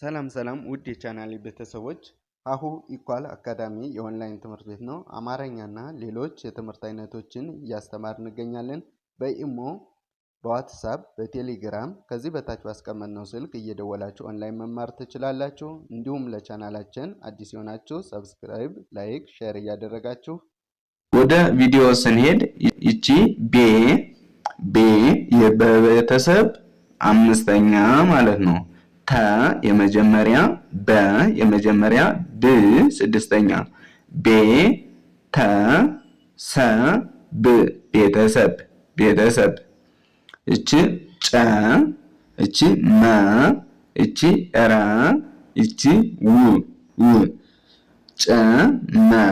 ሰላም ሰላም ውድ የቻናሌ ቤተሰቦች ሀሁ ኢኳል አካዳሚ የኦንላይን ትምህርት ቤት ነው። አማርኛና ሌሎች የትምህርት አይነቶችን እያስተማር እንገኛለን። በኢሞ፣ በዋትሳፕ፣ በቴሌግራም ከዚህ በታች ባስቀመጥነው ስልክ እየደወላችሁ ኦንላይን መማር ትችላላችሁ። እንዲሁም ለቻናላችን አዲስ የሆናችሁ ሰብስክራይብ፣ ላይክ፣ ሼር እያደረጋችሁ ወደ ቪዲዮ ስንሄድ ይቺ ቤ ቤ የበቤተሰብ አምስተኛ ማለት ነው ተ የመጀመሪያ በ የመጀመሪያ ድ ስድስተኛ ቤ ተ ሰ ብ ቤተሰብ ቤተሰብ። እቺ ጨ እቺ መ እቺ ረ እቺ ው ው ጨ መ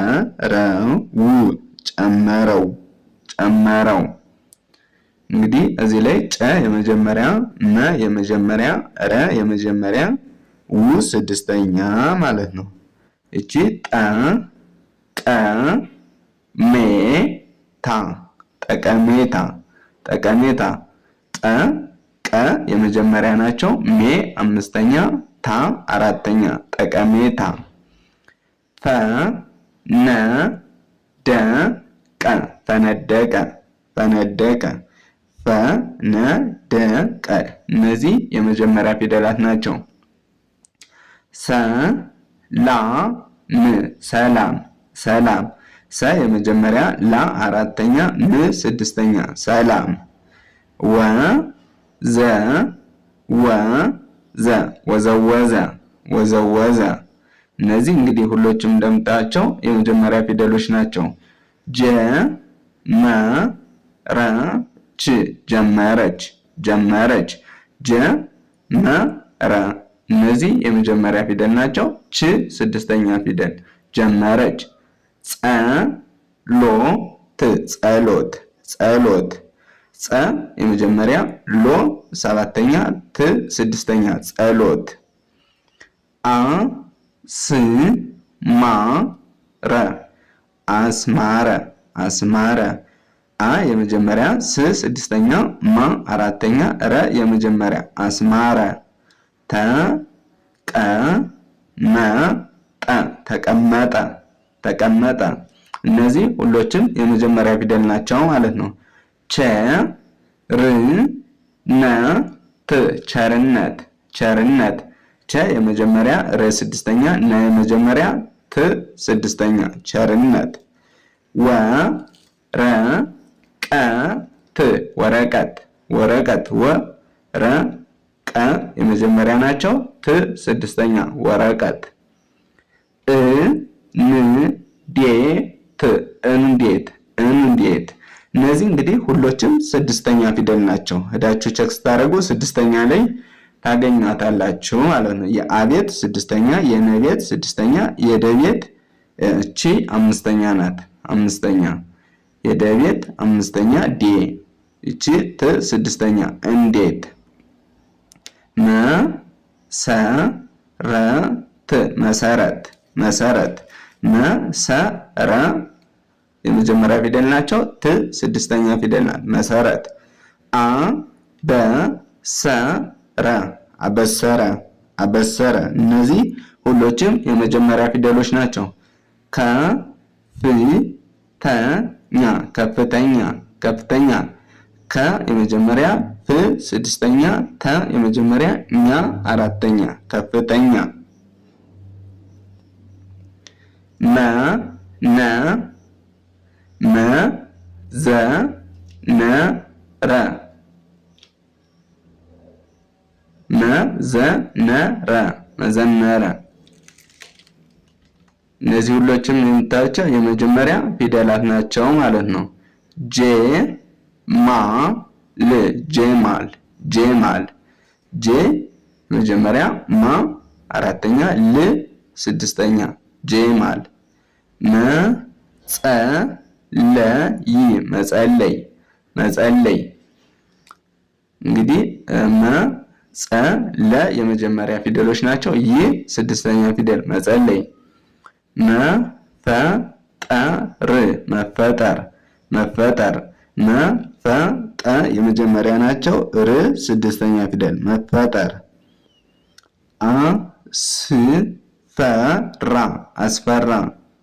ረ ው ጨመረው ጨመረው እንግዲህ እዚህ ላይ ጨ የመጀመሪያ መ የመጀመሪያ ረ የመጀመሪያ ው ስድስተኛ ማለት ነው። እቺ ጠ ቀ ሜ ታ ጠቀሜታ ጠቀሜታ ጠ ቀ የመጀመሪያ ናቸው። ሜ አምስተኛ ታ አራተኛ ጠቀሜታ ፈ ነ ደ ቀ ፈነደቀ ፈነደቀ ፈ፣ ነ፣ ደ፣ ቀ እነዚህ የመጀመሪያ ፊደላት ናቸው። ሰ፣ ላ፣ ም ሰላም ሰላም። ሰ የመጀመሪያ፣ ላ አራተኛ፣ ም ስድስተኛ። ሰላም። ወ፣ ዘ፣ ወ፣ ዘ ወዘወዘ ወዘወዘ እነዚህ እንግዲህ ሁሎችም እንደምታቸው የመጀመሪያ ፊደሎች ናቸው። ጀ፣ መ፣ ረ ች ጀመረች ጀመረች ጀመረ እነዚህ የመጀመሪያ ፊደል ናቸው። ች ስድስተኛ ፊደል ጀመረች። ት ጸሎት ጸሎት ጸ የመጀመሪያ ሎ ሰባተኛ ት ስድስተኛ ጸሎት አ ስ ማ ረ አስማረ አስማረ አ የመጀመሪያ ስ ስድስተኛ ማ አራተኛ ረ የመጀመሪያ አስማረ ተ ቀ መ ጠ ተቀመጠ ተቀመጠ እነዚህ ሁሎችም የመጀመሪያ ፊደል ናቸው ማለት ነው። ቸ ር ነ ት ቸርነት ቸርነት ቸ የመጀመሪያ ር ስድስተኛ ነ የመጀመሪያ ት ስድስተኛ ቸርነት ወ ረ ቀት ወረቀት ወረቀት ወረ ቀ የመጀመሪያ ናቸው። ት ስድስተኛ ወረቀት እ ን ዴ ት እንዴት እንዴት እነዚህ እንግዲህ ሁሎችም ስድስተኛ ፊደል ናቸው። እዳችሁ ቼክ ስታደርጉ ስድስተኛ ላይ ታገኛታላችሁ ማለት ነው። የአቤት ስድስተኛ፣ የነቤት ስድስተኛ፣ የደቤት እቺ አምስተኛ ናት። አምስተኛ የደቤት አምስተኛ ዴ እቺ ት ስድስተኛ እንዴት መ ሰ ረ ት መሰረት መሰረት መ ሰ ረ የመጀመሪያ ፊደል ናቸው። ት ስድስተኛ ፊደል ናት። መሰረት አ በ ሰ ረ አበሰረ አበሰረ እነዚህ ሁሎችም የመጀመሪያ ፊደሎች ናቸው። ከ ፍ ተ ኛ ከፍተኛ ከፍተኛ ከ የመጀመሪያ ፍ ስድስተኛ ተ የመጀመሪያ ኛ አራተኛ ከፍተኛ መ ነ መ ዘ ነ ረ መ ዘ ነ ረ መዘነረ እነዚህ ሁሎችም የምታያቸው የመጀመሪያ ፊደላት ናቸው ማለት ነው። ጄ ማ ል ጄማል ጄማል ጄ መጀመሪያ ማ አራተኛ ል ስድስተኛ ጄማል ይ መጸለይ መጸለይ እንግዲህ ለ የመጀመሪያ ፊደሎች ናቸው። ይህ ስድስተኛ ፊደል መጸለይ መፈጠር መፈጠር መፈጠር መፈጠ የመጀመሪያ ናቸው። ር ስድስተኛ ፊደል መፈጠር አ ስ አስፈራ አስፈራ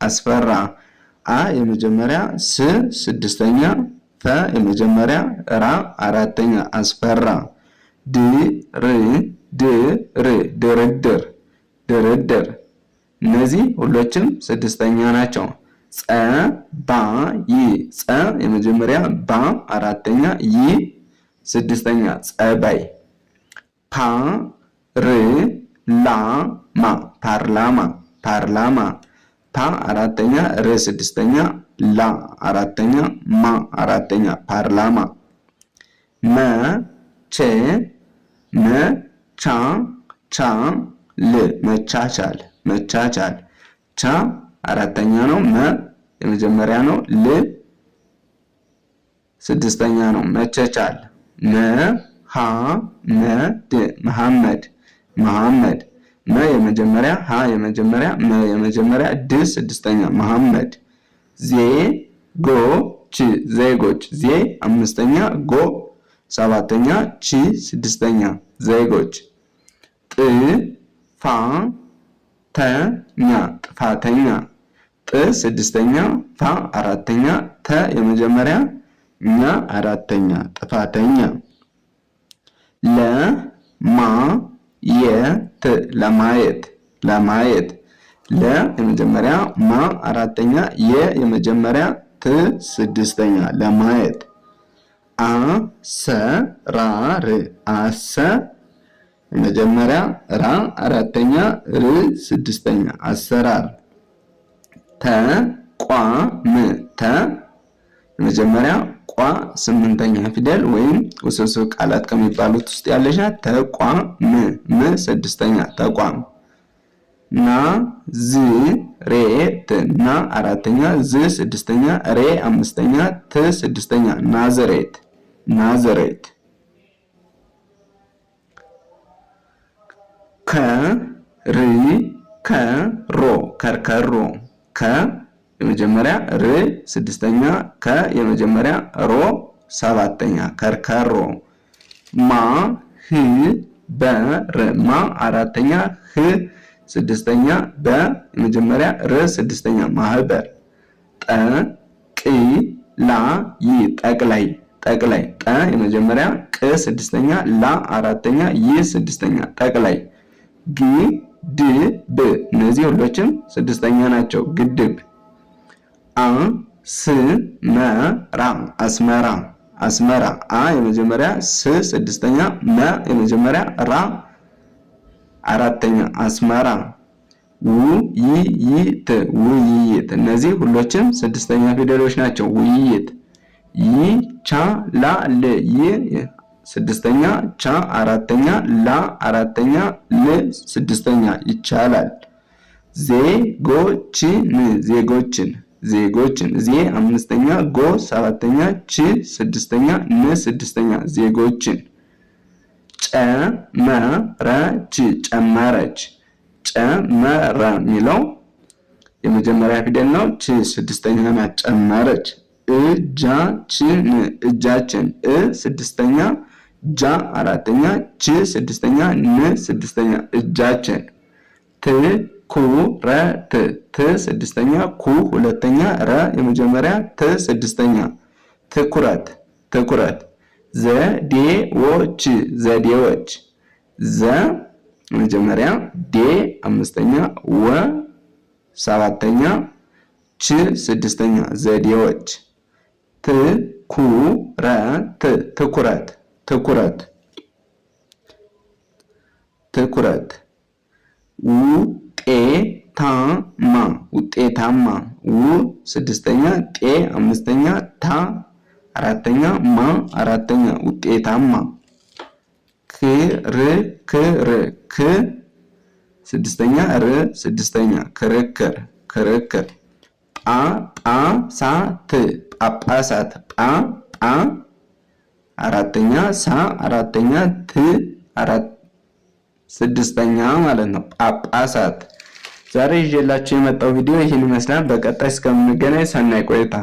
አስፈራ አ የመጀመሪያ ስ ስድስተኛ ፈ የመጀመሪያ ራ አራተኛ አስፈራ ድር ድር ድርድር እነዚህ ሁሎችም ስድስተኛ ናቸው። ጸ ባ ይ ጸ የመጀመሪያ ባ አራተኛ ይ ስድስተኛ ጸባይ ፓ ር ላ ማ ፓርላማ ፓርላማ ፓ አራተኛ ር ስድስተኛ ላ አራተኛ ማ አራተኛ ፓርላማ መ ቼ መ ቻ ቻ ል መቻቻል መቻቻል ቻ አራተኛ ነው። መ የመጀመሪያ ነው። ል ስድስተኛ ነው። መቻቻል መ ሀ መ ድ መሐመድ መሐመድ መ የመጀመሪያ ሀ የመጀመሪያ መ የመጀመሪያ ድ ስድስተኛ መሐመድ ዜ ጎ ች ዜጎች ዜ አምስተኛ ጎ ሰባተኛ ቺ ስድስተኛ ዜጎች ጥ ፋ ተኛ ጥፋተኛ ጥ ስድስተኛ ፋ አራተኛ ተ የመጀመሪያ ኛ አራተኛ ጥፋተኛ ለ ማ የ ት ለማየት ለማየት ለ የመጀመሪያ ማ አራተኛ የ የመጀመሪያ ት ስድስተኛ ለማየት አሰራር አሰ መጀመሪያ ራ፣ አራተኛ ር፣ ስድስተኛ አሰራር ም ተ መጀመሪያ ቋ ስምንተኛ ፊደል ወይም ውስብስብ ቃላት ከሚባሉት ውስጥ ያለች ናት። ተቋም ም ስድስተኛ ተቋም ና ዝ ሬ ት ና አራተኛ ዝ ስድስተኛ ሬ አምስተኛ ት ስድስተኛ ናዘሬት ናዘሬት ከር ከሮ ከርከሮ ከ የመጀመሪያ ር ስድስተኛ ከ የመጀመሪያ ሮ ሰባተኛ ከርከሮ ማ ህ በር ማ አራተኛ ህ ስድስተኛ በ የመጀመሪያ ር ስድስተኛ ማህበር ጠ ቅ ላ ይ ጠቅላይ ጠቅላይ ጠ የመጀመሪያ ቅ ስድስተኛ ላ አራተኛ ይ ስድስተኛ ጠቅላይ ግድብ እነዚህ ሁሎችም ስድስተኛ ናቸው። ግድብ አስመራ አስመራ አስመራ አ የመጀመሪያ ስ ስድስተኛ መ የመጀመሪያ ራ አራተኛ አስመራ ውይይት ውይይት እነዚህ ሁሎችም ስድስተኛ ፊደሎች ናቸው። ውይይት ይቻላል ስድስተኛ ቻ አራተኛ ላ አራተኛ ል ስድስተኛ ይቻላል። ዜጎችን ዜጎችን ዜጎችን ዜ አምስተኛ ጎ ሰባተኛ ች ስድስተኛ ን ስድስተኛ ዜጎችን ጨመረች ጨመረች ጨመረ የሚለው የመጀመሪያ ፊደል ነው። ች ስድስተኛ ናት። ጨመረች እጃችን እጃችን እ ስድስተኛ ጃ አራተኛ፣ ች ስድስተኛ፣ ን ስድስተኛ። እጃችን ት ኩ ረ ት ት ስድስተኛ፣ ኩ ሁለተኛ፣ ረ የመጀመሪያ፣ ት ስድስተኛ። ትኩረት ትኩረት ዘዴዎች ዘዴዎች ዘ መጀመሪያ ዴ አምስተኛ ወ ሰባተኛ ች ስድስተኛ ዘዴዎች ትኩረት ትኩረት ትኩረት ትኩረት ውጤታማ ውጤታማ ው ስድስተኛ ጤ አምስተኛ ታ አራተኛ ማ አራተኛ ውጤታማ ክር ክር ክ ስድስተኛ ር ስድስተኛ ክርክር ክርክር ጳጳሳት ጳጳሳት ጳ ጳ አራተኛ ሳ አራተኛ ት አራት ስድስተኛ ማለት ነው። ጳጳሳት ዛሬ ይዤላችሁ የመጣው ቪዲዮ ይህን ይመስላል። በቀጣይ እስከምንገናኝ ሰናይ ቆይታ